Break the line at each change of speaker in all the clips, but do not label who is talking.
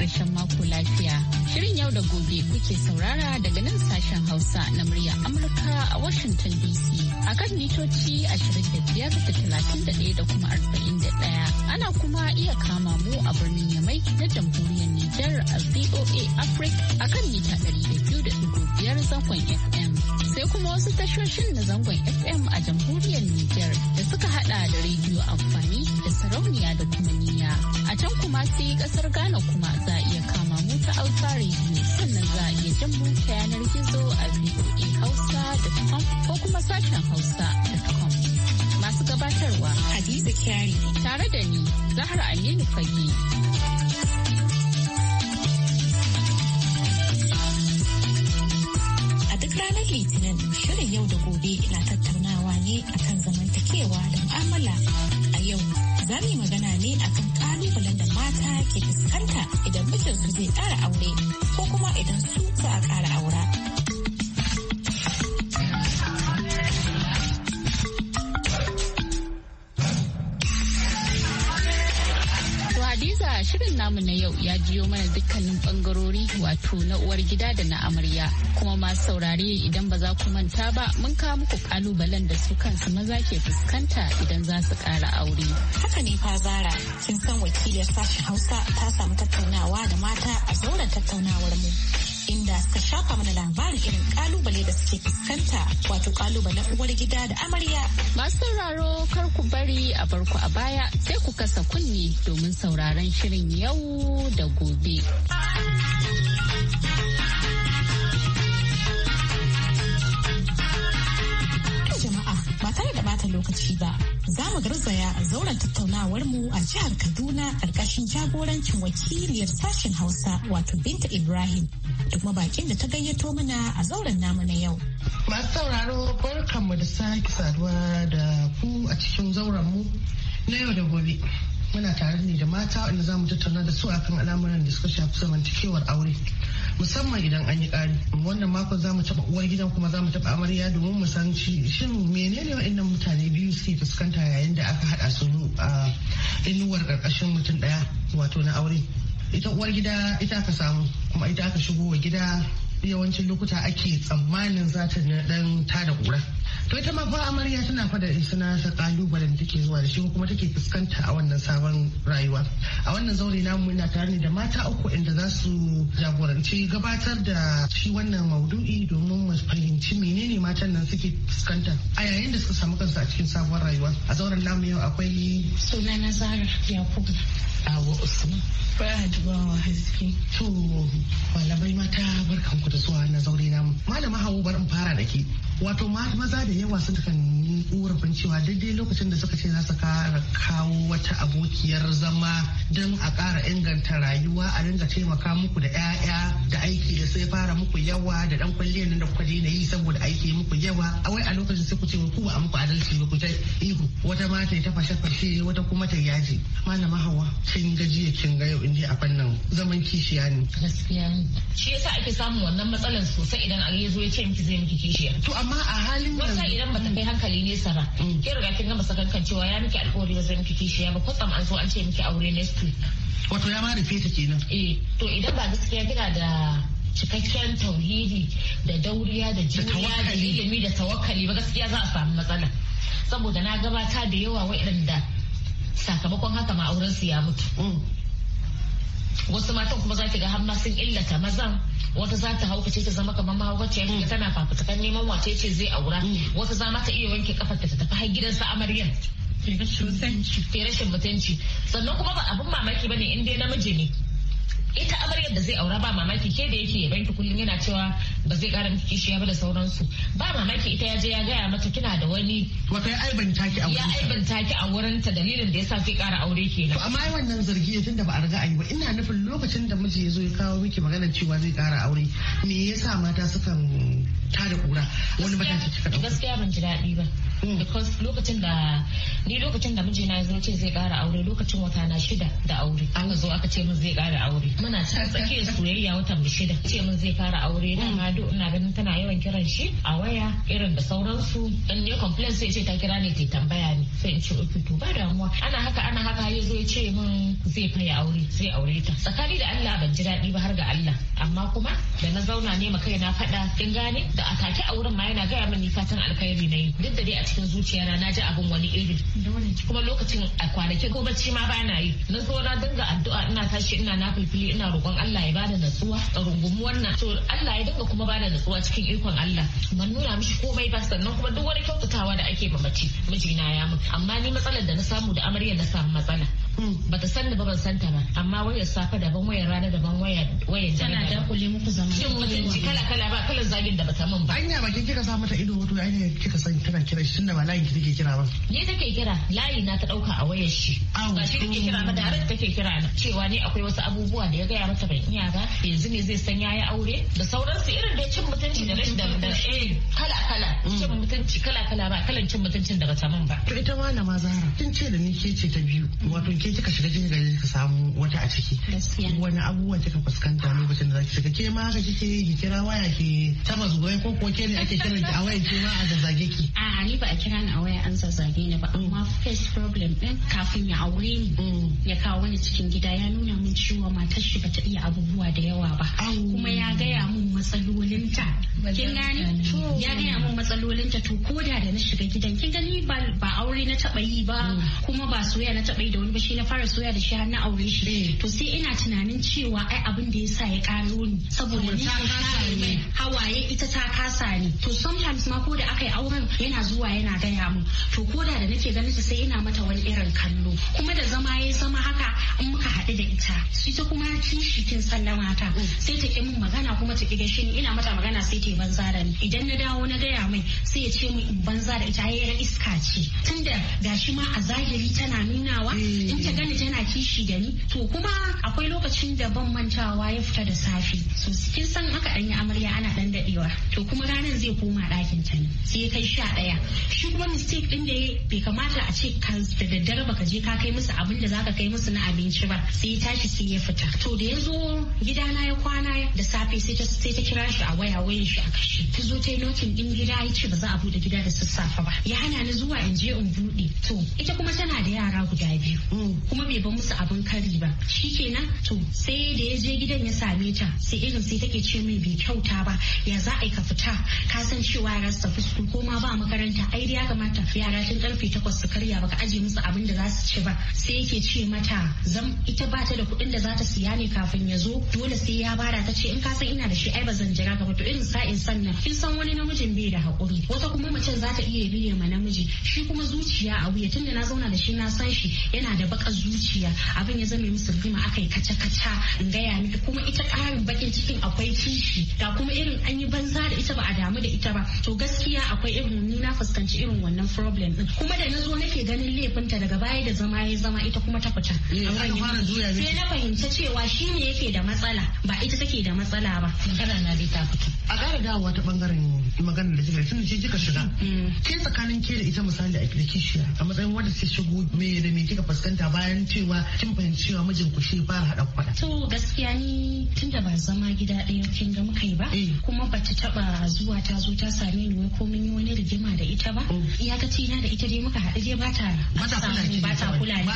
karshen mako lafiya. Shirin yau da gobe kuke saurara daga nan sashen Hausa na muryar Amurka a Washington DC. A kan mitoci 25 da kuma 41. Ana kuma iya kama mu a birnin Yamai na jamhuriyar Nijar a VOA Africa a kan mita 200.5 zangon FM. Sai kuma wasu tashoshin na zangon FM a jamhuriyar Nijar da suka hada da rediyo amfani yi kasar Ghana kuma za a iya kama mu ta ne sannan za a iya jan mu yanar gizo a VOA Hausa.com ko kuma sashen Hausa.com. Masu gabatarwa Hadiza Kyari tare da ni Zahra Aminu Fage. A duk ranar litinin shirin yau da gobe na
tattaunawa ne akan zamantakewa da mu'amala za mu yi magana ne akan kalubalen da mata ke fuskanta idan mijinsu zai ƙara aure ko kuma idan su
za a ƙara aura.
shirin namu na yau ya jiyo mana dukkanin bangarori wato na uwar gida da na amarya kuma masu saurare idan ba za ku manta ba mun kawo muku kalubalen da su kansu maza ke fuskanta idan za su kara aure.
Haka ne fa zara kin
san wakilin sashen Hausa ta samu tattaunawa da mata a zauren tattaunawar mu.
inda suka shafa mana labarin irin kalubale da suke fuskanta wato kalubalen uwar gida da amarya. Masu sauraro kar ku bari a barku a baya sai ku kasa kunni domin sauraron shirin yau da gobe.
bata lokaci ba. Za mu garzaya a zauren tattaunawarmu a jihar Kaduna ƙarƙashin jagorancin wakiliyar sashen Hausa wato Binta Ibrahim Duk mabakin da ta gayyato mana a zauren namu na yau.
Masu sauraro barkanmu da sake saduwa da ku a cikin zauren mu na yau da gobe. Muna tare ne da mata wanda za mu tattauna da su akan al'amuran da suka shafi zamantakewar aure. musamman idan an yi ƙari wannan makon za mu taɓa uwar gidan kuma za mu taɓa amarya domin mu san shin menene waɗannan mutane biyu suke fuskanta yayin da aka haɗa su a inuwar ƙarƙashin mutum ɗaya wato na aure ita uwar gida ita aka samu kuma ita aka shigo wa gida yawancin lokuta ake tsammanin za ta dan tada kura to ita ma fa amarya tana fada suna sa kalubale da take zuwa da shi kuma take fuskanta a wannan sabon rayuwa a wannan zaure namu muna tare ne da mata uku inda za su jagoranci gabatar da shi wannan maudu'i domin mu fahimci menene matan nan suke fuskanta a yayin da suka samu kansu a cikin sabon rayuwa a zauren namu yau akwai suna na zara yakubu awo usman fahad wa haske to malamai mata barkanku da zuwa na zaure namu malama hawo bar in fara da ke wato maza da yawa su kan korafin cewa daidai lokacin da suka ce za su kara kawo wata abokiyar zama don a kara inganta rayuwa a dinga taimaka muku da 'ya'ya da aiki da sai fara muku yawa da dan kwalliyar nan da kuka daina yi saboda aiki muku yawa a wai a lokacin sai ku ce ku ba a muku adalci ba ku ta ihu wata mata ta fashe fashe wata kuma ta yaji malama hawa kin ga jiya kin ga yau inda a fannin zaman kishiya ne gaskiya
shi yasa ake samun wannan matsalar sosai idan a zo ya ce miki zai miki kishiya amma a halin yanzu wannan idan bata kai hankali ne sara mm. kin riga kin gama sakankan cewa ya miki alƙawari ba zai miki kishiya ba kwatsam an zo an ce miki aure next week
wato ya ma rufe ta kenan
eh to idan ba gaskiya kina da cikakken tauhidi da dauriya da jiniya da ilimi da tawakkali ba gaskiya za a samu matsala saboda na gabata da yawa waɗanda sakamakon haka ma auren su ya mutu mm. wasu matan kuma za ta ga har sun illata mazan wata za ta hauka ce ta zama kamar mahaukaciyar ta tana kan neman wace ce zai aura mm. wata za mata iya wanke kafar ta tafi har gidan sa amaryar ke rashin mutunci sannan kuma ba abin mamaki ba ne in dai namiji ne ita amaryar da zai aura ba mamaki ke da yake yaban ki kullum yana cewa ba zai kara miki kishiya ba da sauransu ba mamaki ita ya je ya gaya mata kina da wani wata ya aibanta ki a wurin ya aibanta ki a wurin ta dalilin da yasa zai kara aure kenan to amma
wannan zargi tunda ba a riga a yi ba ina nufin lokacin da miji ya zo ya kawo miki magana cewa zai kara aure
me yasa mata sukan tada kura wani gaskiya ban ji daɗi ba mm. because lokacin da ni lokacin da mijina ya zo ce zai ƙara aure lokacin wata na shida da aure aka zo aka ce min zai ƙara aure muna can tsakiyar soyayya watan shida ce min zai ƙara aure na mm. ma duk ina ganin tana yawan kiran shi a waya irin da sauransu in ne complaint sai ce ta kira ne ta tambaya ni sai in ce oke to ba damuwa ana haka ana haka ya zo ya ce min zai faya aure zai aure ta tsakani da Allah ban ji daɗi ba har ga Allah amma kuma da na zauna ne ma kai na faɗa kin gane ne da a take a wurin ma yana gaya ni fatan alkhairi na yi duk da dai a cikin zuciyana na ji abin wani irin. kuma lokacin a kwanaki ko bacci ma ba na yi na zo na dinga addu'a ina tashi ina na fulfili ina roƙon Allah ya bada natsuwa a rungumu wannan to Allah ya dinga kuma bada natsuwa cikin ikon Allah kuma nuna mishi komai ba sannan kuma duk wani kyautatawa da ake ma mace mijina ya mun amma ni matsalar da na samu da amarya na samu matsala bata san da baban ban santa ba amma wayar safe daban wayar rana daban wayar wayar jana da kullum muku zama shin mutunci kala kala ba kalan zagin da bata
min ba anya bakin kika sa mata ido wato ai ne kika san kana kira shi tunda ba layin ki take kira ba ni
take kira layi na ta dauka a wayar shi ba shi take kira ba direct take kira na cewa ne akwai wasu abubuwa da ya gaya mata ban iya ba yanzu ne zai san yayi aure da sauransu irin da cin mutunci da rashin da eh, kala kala mm. cin mutunci kala kala ba
kalan cin mutuncin da bata min ba to ita ma na mazara kin ce da ni ke ce ta biyu wato ke kika shiga cikin gari ka samu wata a ciki wani abubuwa kika fuskanta lokacin da zaki shiga ke ma ka kike ki kira waya ke ta mazu wai ko ko ke ne ake kiran ki a waya ke ma a zazzage ki
a ni ba a
kira ni a waya an zazzage ni ba amma face problem din kafin ya aure ni mm. ya kawo wani cikin gida ya nuna min cewa matar shi bata iya abubuwa da yawa ba kuma ya gaya mun ta kin gani ya gaya mun ta to koda da na shiga gidan kin gani ba aure na taba yi ba mm. kuma ba soya na taba yi da wani ba shi na fara soya da shi har na aure shi eh. to sai ina tunanin cewa ai abin da yasa ya karo ni saboda ni hawaye ita ta kasa ne to sometimes ma ko da aka yi auren yana zuwa yana gaya mu to ko da da nake ganin ta sai ina mata wani irin kallo kuma da zama ya zama haka in muka haɗu da ita ita kuma kishi kin sallama mata sai ta ki min magana kuma ta ki gashi ni ina mata magana sai ta banza da ni idan na dawo na gaya mai sai ya ce min in banza da ita yayin iska ce tunda gashi ma a zahiri tana nunawa mm. in ta gani tana kishi da ni to kuma akwai lokacin da ban mantawa ya fita da safe so kin san aka danyi to kuma ranar zai koma ɗakin ta ne sai kai sha ɗaya shi kuma mistake ɗin da ya bai kamata a ce da daddare baka je ka kai musu abin da za ka kai musu na abinci ba sai ya tashi sai ya fita to da ya zo gidana ya kwana da safe sai ta sai ta kira shi a waya wayan shi a kashe ta zo ta yi nokin ɗin gida ya ce ba za a buɗe gida da sassafe ba ya hana ni zuwa in je in buɗe to ita kuma tana da yara guda biyu kuma bai ba musu abin kari ba shi kenan to sai da ya je gidan ya same ta sai irin sai take ce mai bai kyauta ba ya za aika fita ka san cewa yara su tafi su ko ba makaranta ai ya kamata yara tun karfe takwas su karya baka aje musu abin da za su ci ba sai yake ce mata zam ita ba ta da kuɗin da za ta siya ne kafin ya zo dole sai ya bara ta ce in ka san ina da shi ai ba zan jira ka ba to irin sa'in sannan kin san wani namijin bai da haƙuri wata kuma macen za ta iya biye ma namiji shi kuma zuciya a wuya tunda na zauna da shi na san shi yana da baƙar zuciya abin ya zame musu rima akai kaca kaca in gaya miki kuma ita ƙarin bakin cikin akwai kishi ga kuma irin an yi banza sa da ita ba a damu da ita ba to gaskiya akwai irin ni na fuskanci irin wannan problem din kuma da nazo nake ganin laifinta daga baya da zama ya zama ita kuma ta fita eh, sai na fahimta cewa shi ne yake da matsala ba ita take da matsala ba kana na dai
ta fita a ƙara dawowa ta bangaren maganar da kika tunda kika shiga mm. ke tsakanin ke da ita misali a kishiya a matsayin wanda sai shigo me da me kika fuskanta bayan cewa kin fahimci cewa mijin ku shi ba hada kwada to gaskiya ni
tunda ba zama gida ɗaya kin ga muka yi ba eh. kuma ba ta taba zuwa ta zo ta same ni wai ko mun yi wani rigima da ita ba Ya mm.
iyakaci na da ita dai muka haɗu dai ba ta ba ta kula ni eh,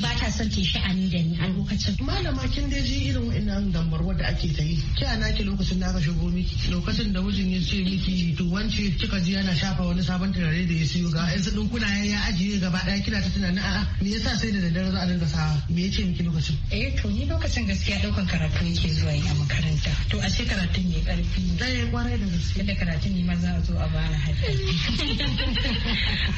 ba ta son ta shi ani da ni a lokacin malama kin dai ji irin wannan dambar da ake ta yi Kiya na ki lokacin da aka shigo miki lokacin da mijin ya ce miki to wance kika ji yana shafa wani sabon turare da ya siyo ga yanzu dinkuna ya ajiye gaba daya kina ta tunanin a'a me yasa sai da daddare za a dinga sa? me yace miki lokacin eh to ni lokacin gaskiya daukan karatu yake zuwa yi a makaranta to a shekarar karatun
ne karfi tsaye eh, kwarai da gaske. da karatun ni ma za a zo a bani za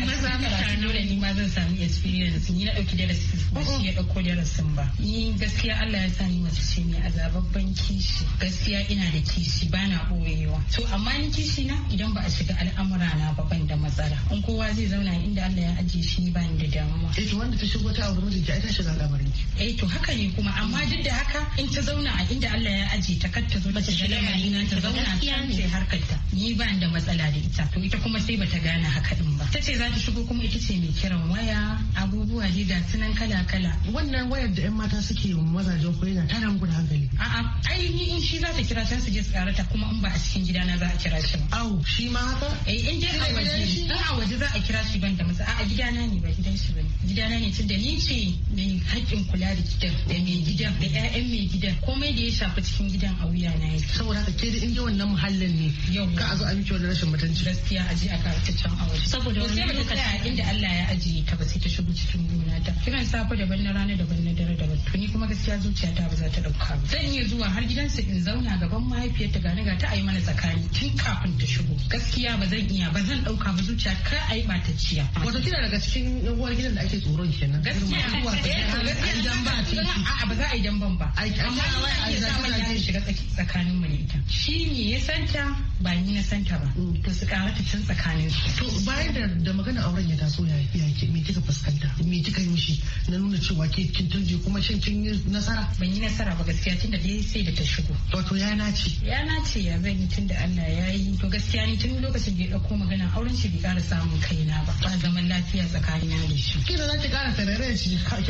Maza mutane dole ni ma zan sami experience ni na ɗauki darasi oh, ba shi ya ɗauko darasin ba. Ni gaskiya Allah ya sa ni mace ce mai azababban kishi. Gaskiya ina da kishi ba na ɓoyewa. To amma ni kishi na idan ba a shiga al'amura na ba ban da matsala. In kowa zai zauna inda Allah ya ajiye shi ni ba ni da damuwa. Eh to wanda ta shigo ta aure mijinki ai ta shiga al'amarin ki. Eh to haka ne kuma amma duk da haka in ta zauna a inda Allah ya ajiye ta kar ta zo ta shiga al'amarin ta zauna gaskiya ne harkarta ni ba da matsala da ita to ita kuma sai bata gane haka din ba tace za ta shigo kuma ita ce mai kiran waya abubuwa ne da sunan kala kala wannan wayar
da yan mata suke mazajen ko yana tara muku da hankali a'a ai ni in shi za ta kira ta su je su karata kuma in ba a cikin gidana za a kira shi ba au shi ma haka eh in je a waje in a waje za
a kira shi ban da matsala a gidana ne ba gidan shi bane gidana ne tunda ni ce ne haƙƙin kula da gidan da mai gidan da ƴaƴan mai gidan komai da ya shafi cikin gidan a wuya na yi saboda haka ke
da inda wannan muhallin ne ka a zo a miki wani rashin mutunci gaskiya a ka a can aure saboda wani lokaci inda Allah
ya ajiye ta ba sai ta shigo cikin gona ta kiran safe daban na rana daban na dare daban ban ni kuma gaskiya zuciya ta ba za ta dauka ba zan iya zuwa har gidan gidansa in zauna gaban mahaifiyarta gani ga ta ayi mana tsakani tun kafin ta shigo gaskiya ba zan iya ba zan dauka ba zuciya ka ayi batacciya
wato daga cikin uwar gidan da ake tsoron kenan gaskiya idan eh, ba a a'a ba za a yi jamban ba amma wai a zaman ya
shiga tsakanin mu ne ita shi
ne ya santa ba ni na santa ba mm. to su kara ta can tsakanin su to bayan da da magana auren ya taso ya ya ke me kika fuskanta me kika yi mishi na nuna cewa ke kin turje kuma shin kin yi nasara ban yi nasara ba gaskiya tunda dai sai da ta shigo wato ya nace ya
nace ya zan yi tunda Allah ya yi to gaskiya ni tun lokacin da ya dauko magana auren shi bai kara samun kaina ba zaman lafiya tsakanina da shi.
Kira za ta kara tarare shi ki kara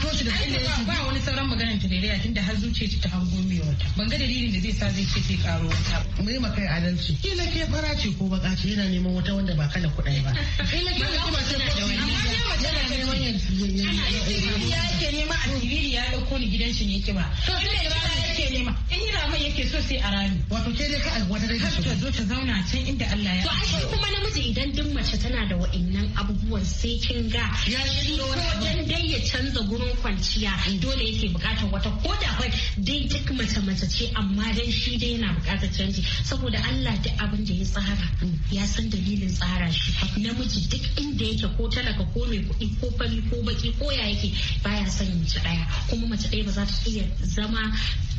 kwato shi da inda ya ba wani sauran maganar tarare tunda har zuciya ta har mai wata. Ban ga dalilin da zai sa zai ce sai karo wata. Mu ma kai adalci. Kila ke fara ce ko baka ce yana neman wata wanda ba kala kuɗai ba. Kila
ke kuma ce ko yana neman yanzu. Ya yake nema a tibiri ya ɗauko ni gidan shi ne yake ba. Inda ya yake nema. In yi ramai yake so sai a rami. Wato ke dai ka wata dai ta zo ta zauna can inda Allah ya. To a shi kuma namiji idan duk mace
tana da wa'in wa'annan abubuwan sai kin ga Ya shi dan dai ya canza gurin kwanciya mm. dole yake bukatar wata ko da kai dai duk mace mace ce amma dan shi dai yana bukatar canji saboda Allah duk abin da ya tsara mm. ya san dalilin tsara shi namiji duk inda yake ko talaka ko mai kuɗi ko fari ko baki ko ya yake baya son mace ɗaya kuma mace ɗaya ba za ta iya zama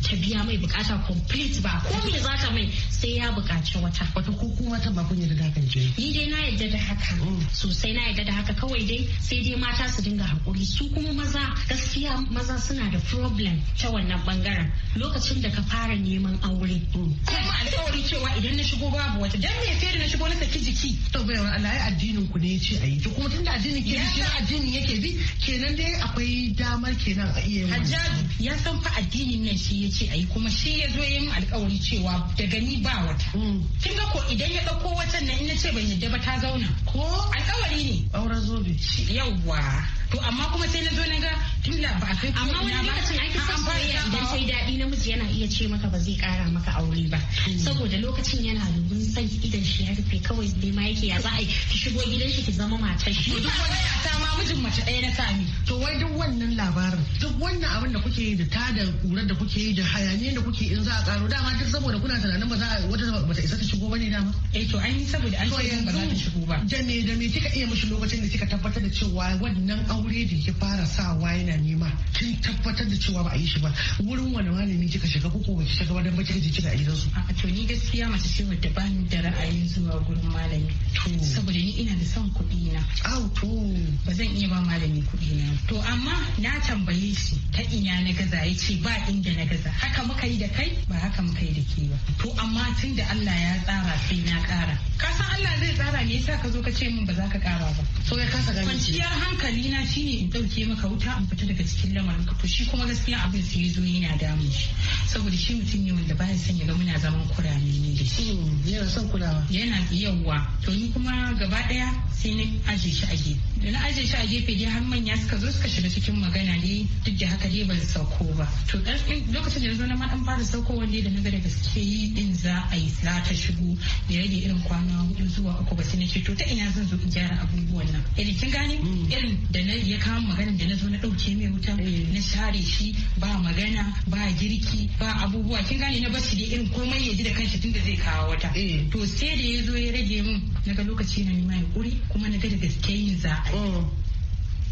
ta biya mai bukata complete ba ko me za ta mai sai ya bukaci wata wata ko kuma wata ba kun yarda kan ni dai na yarda da haka mm. sosai na yadda da haka kawai dai sai dai mata su dinga hakuri su kuma maza gaskiya maza suna da problem ta wannan bangaren lokacin da ka fara neman aure. Kuma
mm. alƙawari
cewa idan na shigo babu wata dan
me sai na shigo na saki jiki. To bai wa Allah addinin ku ne yace ayi to kuma tunda addinin ke shi addinin yake bi kenan dai akwai damar kenan a iya. Hajjaju ya san fa addinin nan shi yace ayi kuma shi ya zo yin alƙawari cewa
daga ni ba wata. Mm. Kin ga ko idan ya dauko watan nan in na ce ban yadda ba ta zauna. Ko alƙawari ne auren zobe yauwa to amma kuma sai na zo na ga tun da
ba kai amma wani lokacin ake son soyayya idan sai daɗi namiji yana iya ce maka ba zai ƙara maka aure ba hmm. saboda lokacin yana dubin san idan shi ya rufe kawai ne ma yake ya za a ki shigo
gidan shi ki zama matar shi duk wani ta ma mijin mace ɗaya na sami to wai duk wannan labarin duk wannan abin da kuke yi da ta da ƙurar da kuke yi da hayaniyar da kuke in za a ƙaro dama duk saboda kuna tunanin ba za a wata ta isa ta shigo ba ne dama eh to an yi saboda an ce ba za ta shigo ba da me da me kika iya mishi lokacin da kika tabbatar da cewa wannan aure da ya fara sawa yana nema kin tabbatar da cewa ba a yi shi ba wurin wani malami kika shiga ko kuma ki shiga ba dan ba kika je kika gidan su
a to ni gaskiya mace ce wadda ba ni da ra'ayin zuwa gurin malami saboda ni ina da son kuɗi na au to ba zan iya ba malami kuɗi na to amma na tambaye shi ta ina na gaza ya ce ba inda na gaza haka muka yi da kai ba haka muka yi da ke ba to amma tun da Allah ya tsara sai na ƙara ka san Allah zai tsara me yasa ka zo ka ce min ba za ka ƙara ba so ya kasa gani kwanciyar hankali na ne in ɗauke maka wuta in fita daga cikin lamarin ka to shi kuma gaskiya abin su ya zo yana damun shi saboda shi mutum ne wanda baya son ya ga muna zaman kurame ne da shi hmm, yana son kulawa yana yawwa to ni kuma gaba ɗaya sai na aje shi a gefe da na aje shi a gefe dai har manya suka zo suka shiga cikin magana dai duk da haka dai ban sauko ba to lokacin da na zo na ma dan fara sauko wanda da na ga da gaske yi din za a yi za ta shigo da rage irin kwana hudu zuwa uku ba sai na ce to ta ina zan zo in gyara abubuwan nan irin kin gane hmm. irin da na alhaji ya kawo magana da na zo na ɗauke mai wuta eh. na share shi ba magana ba girki ba abubuwa kin gane na bashi da irin komai ya ji da kanshi tunda zai kawo wata eh. to sai da ya zo ya rage min na ga lokaci na nima kuri kuma na ga da gaske yin za oh.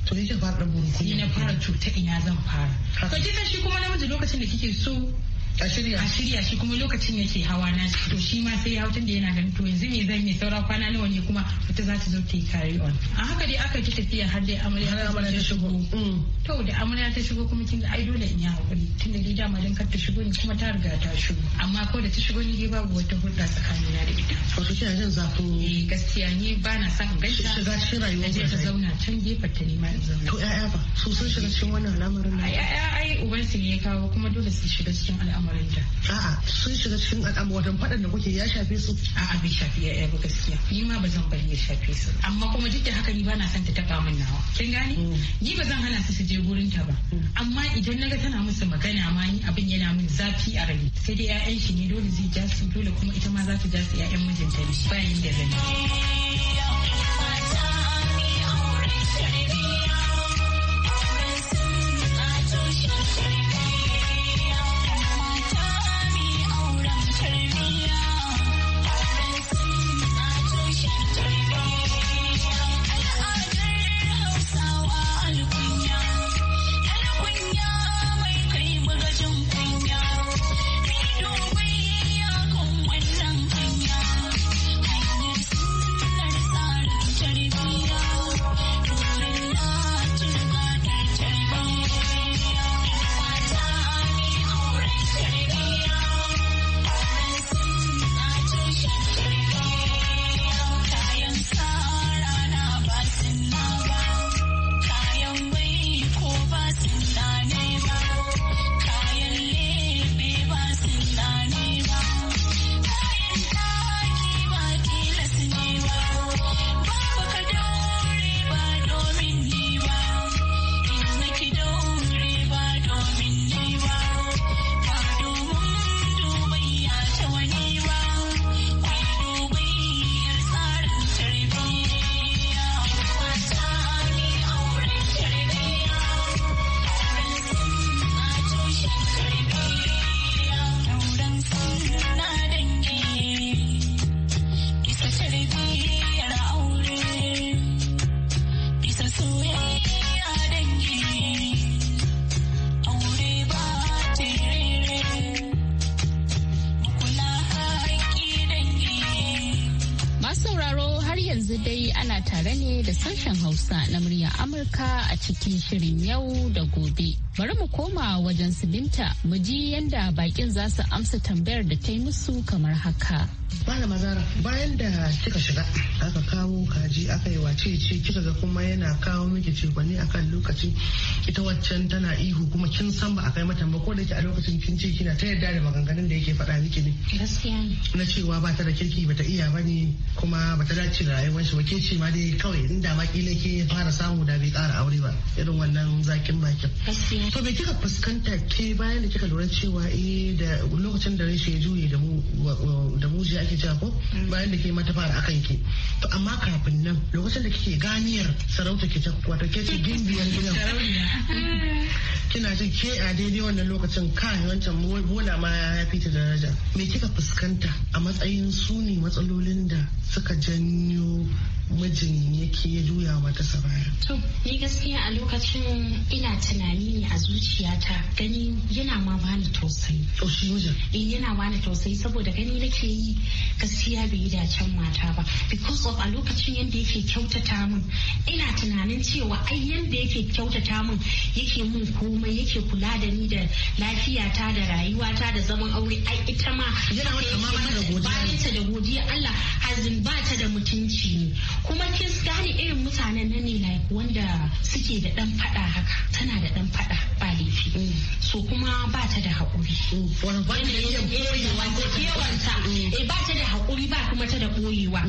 to yake fara ɗan na fara cuta ina zan fara to kika shi kuma namiji lokacin da kike so a shirya shi kuma lokacin yake hawa na shi to shi ma sai ya hau da yana ganin to yanzu me zan yi saura kwana nawa ne kuma wata za ta zo ta yi carry on a haka dai aka ki tafiya har dai amarya ta shigo mm. to da amarya ta shigo kuma kin ga ai dole in yi hakuri da dai dama dan kar ta shigo ni kuma ta riga ta shigo amma ko da ta shigo ni dai babu wata hulɗa tsakanin na da ita wato kina jin zafin ni eh, gaskiya ni ba na son gaisa shiga cikin ne ta zauna can gefen ta ne ma in zauna to ƴaƴa ba su sun shiga cikin wannan al'amarin ai ai su ne ya kawo kuma
dole su shiga cikin al'amarin al'amarinta a'a sun shiga cikin al'amu al'amarin faɗan da kuke ya shafe su a'a bai shafi ya ba gaskiya ni ma ba zan bari ya shafe su
amma kuma duk da haka ni ba na son ta taɓa min nawa kin gane mm. ni ba zan hana su su je gurin ta ba mm. amma idan naga tana musu magana ma ni abin yana min zafi a rai sai dai 'ya'yan shi ne dole zai ja su dole kuma ita ma za ta ja su 'ya'yan mijinta ne bayan da zan
yi.
I'm. Amurka a cikin shirin yau da gobe. Bari mu koma wajen su binta mu ji yadda bakin za su amsa tambayar da ta yi musu kamar haka.
Bala Zara, bayan da kika shiga aka kawo kaji aka yi wace ce kika ga kuma yana kawo miki cefane kan lokaci ita waccan tana ihu kuma kin san ba a kai mata ba ko da a lokacin kin ce kina ta yarda da maganganun da yake faɗa miki ne. Na cewa ba ta da kirki bata iya bane kuma bata dace da rayuwar shi ba ke ce ma dai kawai inda ma kila ke fara samu da bai Kara aure ba irin wannan zakin bakin to me kika fuskanta ke bayan da kika lura cewa eh da lokacin da rashi ya juye da mu da mu ji ake cewa ko mm. bayan da ke mata fara akan ke. to amma kafin nan lokacin da kike ganiyar sarauta ke ta wato ke ce gimbiyar gidan kina jin ke a daidai wannan lokacin ka wancan bola ma ya fita daraja me kika fuskanta a matsayin su matsalolin da suka janyo mijin yake ya juya mata baya.
Ni gaskiya a lokacin ina tunani ne a zuciyata gani yana ma bani tausayi. Eh, yana bani tausayi saboda gani nake yi gaskiya bai yi can mata ba. Because of a lokacin yadda yake kyautata min ina tunanin cewa ai yadda yake kyautata min yake mun komai yake kula da ni da lafiyata da rayuwata da zaman aure ai ita ma ta da godiya Allah hazin ba ta da mutunci ne kuma kin gane irin mutanen nan ne like wanda suke da dan fada haka tana da dan fada ba laifi mm. so kuma ba ta da hakuri mm. wanda ya boyewa ko kewanta mm. eh ba ta da haƙuri ba kuma ta da boyewa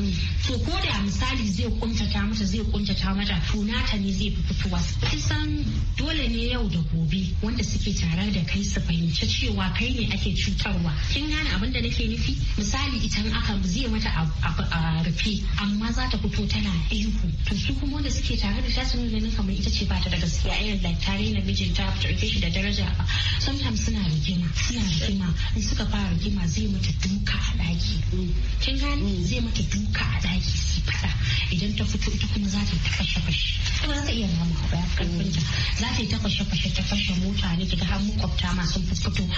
to ko da misali zai kuntata mata zai kuntata mata to nata ne zai fitowa kusan dole ne yau da gobe wanda suke tare da kai su fahimci cewa kai ne ake cutarwa kin gane abin da nake nufi misali idan aka zai mata a rufe amma za ta fito tana ihu to su kuma wanda suke tare da ta su ganin kamar ita ce bata da gaskiya irin like ta rena mijinta ba ta ɗauke shi da daraja ba sometimes suna rigima suna rigima in suka fara rigima zai mata duka a daki kin gani zai mata duka a daki su fada idan ta fito ita kuma za ta yi ta fashe fashe kuma za ta iya rama a baya karfin ta za ta yi ta fashe fashe ta fashe mota ne kiga har makwabta ma sun fito tun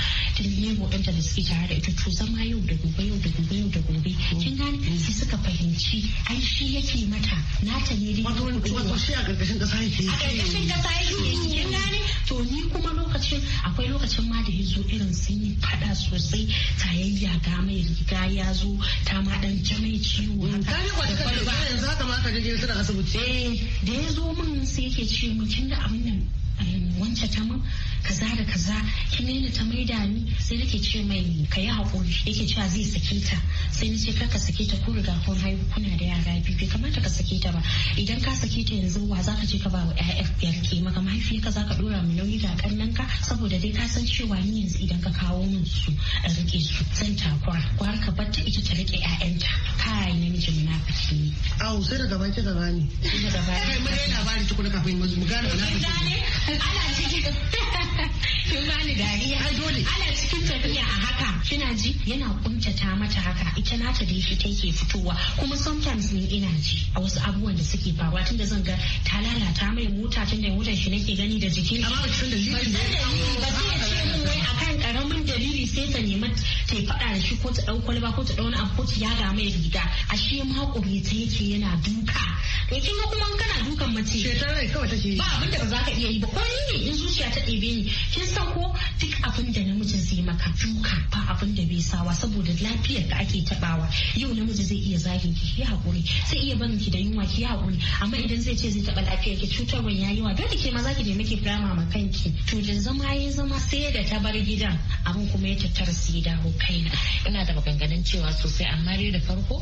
nemo ta da suke tare da ita to zama yau da gobe yau da gobe yau da gobe kin gani sai suka fahimci ai shi yake mata ta
ne dai wato shi a ƙarƙashin kasa a ƙarƙashin kasa yake kin gane
to ni kuma lokacin akwai lokacin ma da ya zo irin sun yi fada sosai tayayya ga mai riga ya zo ta ma dan jamai ciwo haka da kwalba yanzu haka ma ka je asibiti eh da ya zo min sai yake ce mu kin da abin nan eh, wance ta mun kaza da kaza ki ne ta da ni sai nake ce mai ka yi hakuri yake cewa zai sake ta sai nace kar ka sake ta ko riga kun haihu kuna da yara biyu bai kamata ka sake ta ba idan ka sake ta yanzu wa zaka je ka ba wa ƴaƴan biyar ke maka mahaifiyar ka zaka dora mu nauyi da kannan ka saboda dai ka san cewa ni yanzu idan ka kawo min su a rike su zan takura kwar ka bar ta ita ta rike ƴaƴanta kai namiji munafiki ne
awo sai daga baki gaba ne daga baki eh, mun yana bari tukuna kafin mu gane munafiki ne ハ
ハハハ。kin bani dariya ai dole ana cikin tafiya a haka kina ji yana kuntata mata haka ita nata da shi take fitowa kuma sometimes ni ina ji a wasu abubuwan da suke faruwa tunda zan ga ta lalata mai mota tunda motar shi nake gani da jikin amma wacin dalilin da ba zai ce mun wai akan karamin dalili sai ta nema ta yi fada da shi ko ta dau kwalba ko ta dau wani abu ko ta yaga mai riga a ashe ma hakuri ta yake yana duka to kin kuma kana dukan mace shetarai kawai take ba abin da ba za ka iya yi ba ko ni ne in zuciya ta ɗebe ni kin san macen ko duk abin da namiji zai maka duka fa abin da bai sawa saboda lafiyar da ake tabawa yau namiji zai iya zagin ki yi hakuri zai iya barin ki da yunwa ki ya hakuri amma idan zai ce zai taba lafiyar ki cutarwa yayi wa dole ke ma zaki nemi miki firama ma kanki to da
zama ya zama sai da ta bar gidan abin kuma ya tattara su ya dawo kaina ina da maganganun cewa sosai amma dai da farko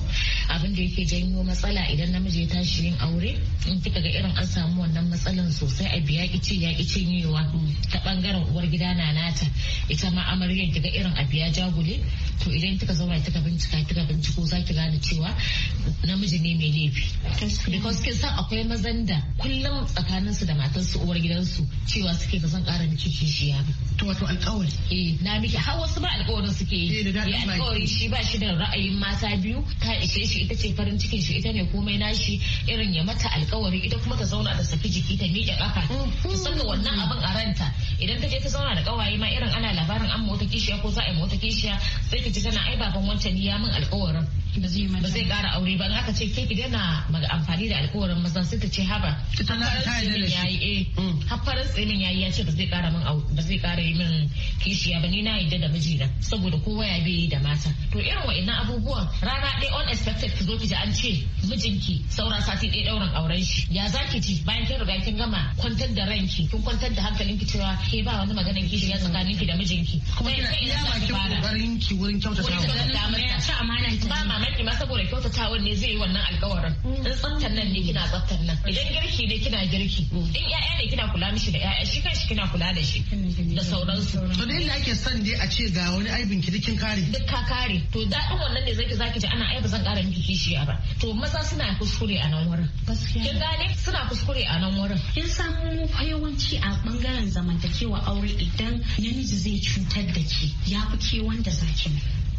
abin da yake janyo matsala idan namiji ya tashi yin aure in kika ga irin an samu wannan matsalan sosai a biya ki ce ya ki ce ta bangaren uwar gida na nata ita ma amaryan kiga irin abiya jagule to idan kika zauna kika bincika kika binciko za ki gane cewa namiji ne mai laifi because kin san akwai mazan da kullum tsakanin su da matan su uwar su cewa suke zan kara miki kishiya ba to wato alƙawari eh na miki har wasu ba alƙawarin suke yi eh, alƙawari shi ba shi da ra'ayin mata biyu ta ishe shi ita ce farin cikin shi ita ne komai nashi irin ya mata alƙawari ita kuma ta zauna da saki jiki ta miƙe ƙafa ta mm-hmm. saka wannan abin a ranta idan ta je ta zauna da kawaye ma irin ana labarin an mota kishiya ko za a yi mota kishiya sai ki ji tana ai baban wancan ya min alkawarin ba zai kara aure ba in aka ce ke ki maga amfani da alkawarin maza sai ta ce haba eh. mm. har farin yayi ya ce ba zai kara min ba zai kara yi min kishiya ba ni na yadda da mijina saboda kowa ya bi da mata to irin wa'annan abubuwan rana ɗaya on expected ki zo ki ji an ce mijinki saura sati ɗaya ɗaurin auren shi ya za ki ji bayan kin riga kin gama kwantar da ranki kin kwantar da hankalinki cewa ke ba wani maganan ki shiga tsakaninki da mijinki kuma ina ina ba ki kokarin ki wurin kyautata ba mamaki ma saboda kyautatawan ne zai yi wannan alkawarin in tsaftar nan ne kina tsaftar nan idan girki ne kina girki in ƴaƴa ne kina kula mishi da ƴaƴa shi kanshi kina kula da shi da sauransu to da yadda ake son dai a ce ga wani aibin ki kare duk ka kare to daɗin wannan ne za ki ji ana ai ba zan ƙara miki kishiya ba to maza suna kuskure a nan wurin kin gane suna kuskure a nan wurin kin samu fa yawanci a bangaren zamantakewa aure
idan namiji zai cutar da ke ya fi ke wanda zaki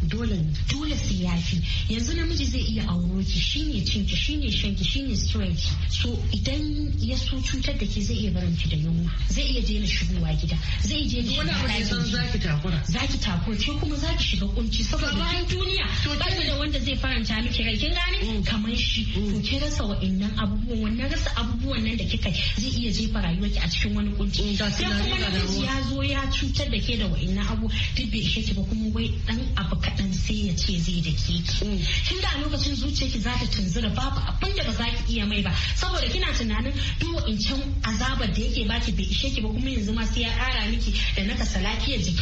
dole dole su yafi yanzu namiji zai iya auro ki shine cin ki shine shan ki shine stretch so idan ya so cutar da ke zai iya barin ki da yunwa zai iya daina shigowa gida zai je da wani abu da san zaki takura zaki takura ke kuma zaki shiga kunci saboda kin duniya ba ki da wanda zai faranta miki rai kin gane mm. kamar shi mm. to ke rasa wa'annan abubuwan wannan rasa abubuwan nan da kika zai iya jefa ki a cikin wani kunci mm, sai kuma ya zo ya cutar da ke da wa'annan abu duk bai ishe ki ba kuma wai dan abu kaɗan sai ya ce zai da ke mm. tun da lokacin ki za ta tunzura babu abin da ba za ki iya mai ba saboda kina tunanin duk can azabar da yake baki bai ishe ki ba kuma yanzu ma sai ya ƙara miki
da na kasa lafiyar jiki.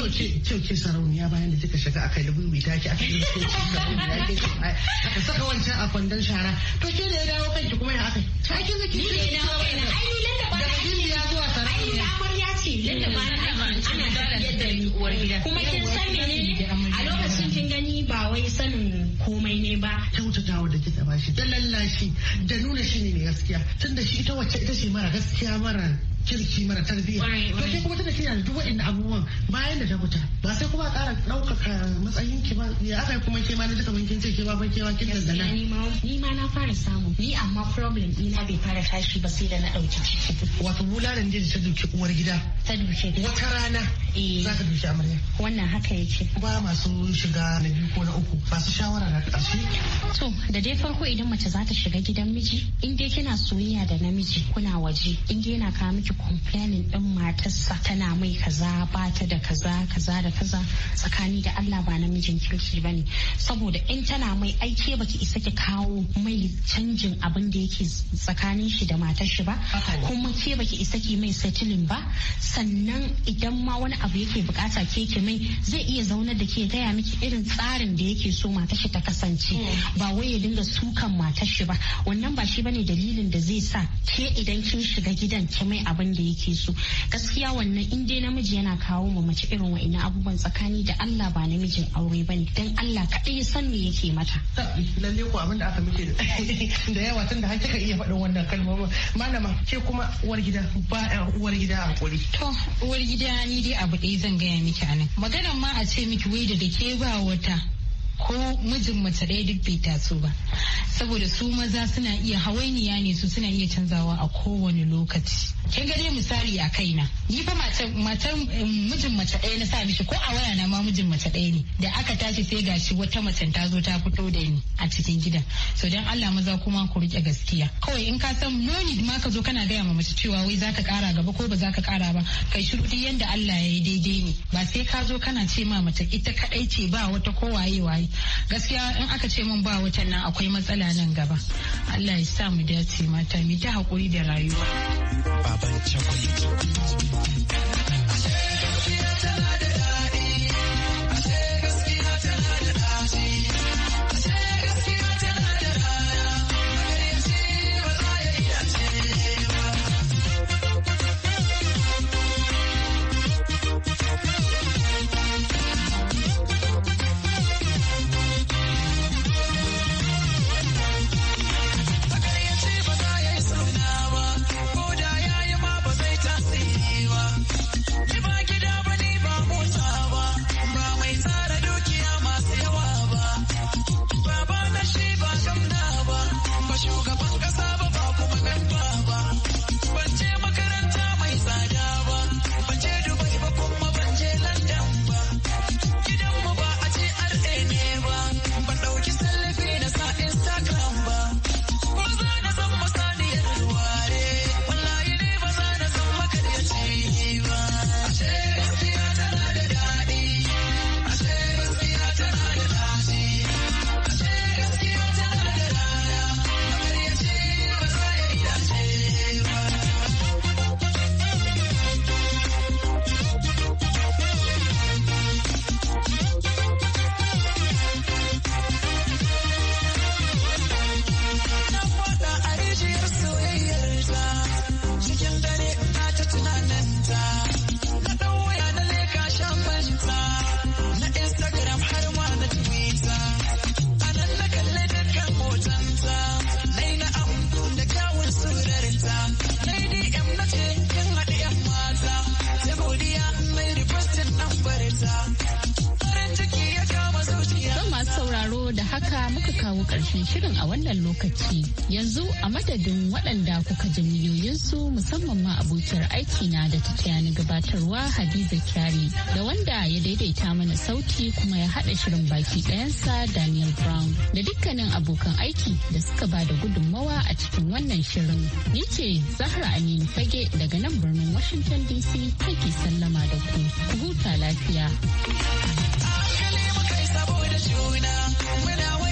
Kyau ke sarauniya bayan da kika shiga aka da ta ki aka yi aka saka wancan a kwandon shara to ke da ya dawo kanki kuma ya aka ta ki zaki. Ni ne na wai na ni lalle ba ya zuwa sarauniya. Ainihin amarya ce lalle ba.
Mm. ana da yadda ni
uwar gida. Kuma kin san menene kin
gani ba wai sanin komai ne ba kyautatawa da kika bashi da lallashi da nuna shi ne gaskiya tunda shi ita wacce ita ce mara gaskiya mara kirki mara tarbiyya to sai kuma tana kiyaye duk waɗannan abubuwan bayan da ta mutu ba sai kuma ƙara ɗaukaka matsayin ki ba ya aka kuma ke ma ne duka kin ce ke ba ba ke ba kin
dangana ni ma na fara samu ni
amma problem ina bai fara tashi ba sai da na ɗauki ciki wato bulalan da ta duki uwar gida ta duke wata rana eh. za ka duki amarya wannan haka yake ba masu shiga na biyu ko na uku masu shawara na ƙarshe.
To da dai farko idan mace za ta shiga gidan miji in dai kina soyayya da namiji kuna waje in dai yana kawo miki complaining din matarsa tana mai kaza ba ta da kaza kaza da kaza tsakani da Allah ba namijin kirki ba ne saboda in tana mai aike baki isa ki kawo mai canjin abin da yake tsakanin shi da matar shi ba kuma ke baki isa ki mai settling ba sannan idan ma wani abu yake bukata ke ki mai zai iya zaunar da ke gaya miki irin tsarin da yake so matar shi ta kasance hmm. ba wai ya dinga sukan matar shi ba wannan ba shi bane dalilin da zai sa ke idan kin shiga gidan ki mai abin da yake so gaskiya wannan in dai namiji yana kawo ma mace irin wa'annan abubuwan tsakani da Allah ba namijin aure bane dan Allah kaɗai ya san
me yake mata lalle ko abin da aka muke da yawa tun da har kika iya faɗin wannan kalmomin malama ke kuma uwar gida ba uwar gida kuri to uwar gida ni
dai abu ɗaya zan gaya miki anan maganar ma a ce miki wai da ke ba wata ko mijin mace ɗaya duk bai taso ba saboda su maza suna iya hawainiya ne su suna iya canzawa a kowane lokaci kin ga dai misali a kaina ni fa matar mijin mace ɗaya na sa mishi ko a waya na ma mijin mace ɗaya ne da aka tashi sai gashi wata mace ta zo ta fito da ni a cikin gidan so dan Allah maza kuma ku rike gaskiya kawai in ka san noni ma ka zo kana gaya ma mace cewa wai zaka kara gaba ko ba zaka kara ba kai shiru duk yanda Allah ya yi daidai ne ba sai ka zo kana ce ma mace ita kadai ce ba wata ko waye waye gaskiya in aka ce mun ba watan nan akwai matsala nan gaba Allah ya sa mu dace mata mu ta hakuri da rayuwa
baban
kawo karshen shirin a wannan lokaci. Yanzu a madadin waɗanda kuka ji miliyoyinsu musamman ma abokiyar aikina da ta tayani gabatarwa Hadiza Kyari da wanda ya daidaita mana sauti kuma ya haɗa shirin baki ɗayansa Daniel Brown da dukkanin abokan aiki da suka ba da gudunmawa a cikin wannan shirin. Ni ce Zahra Aminu Fage daga nan birnin Washington DC take sallama da ku. Ku huta lafiya.
Muna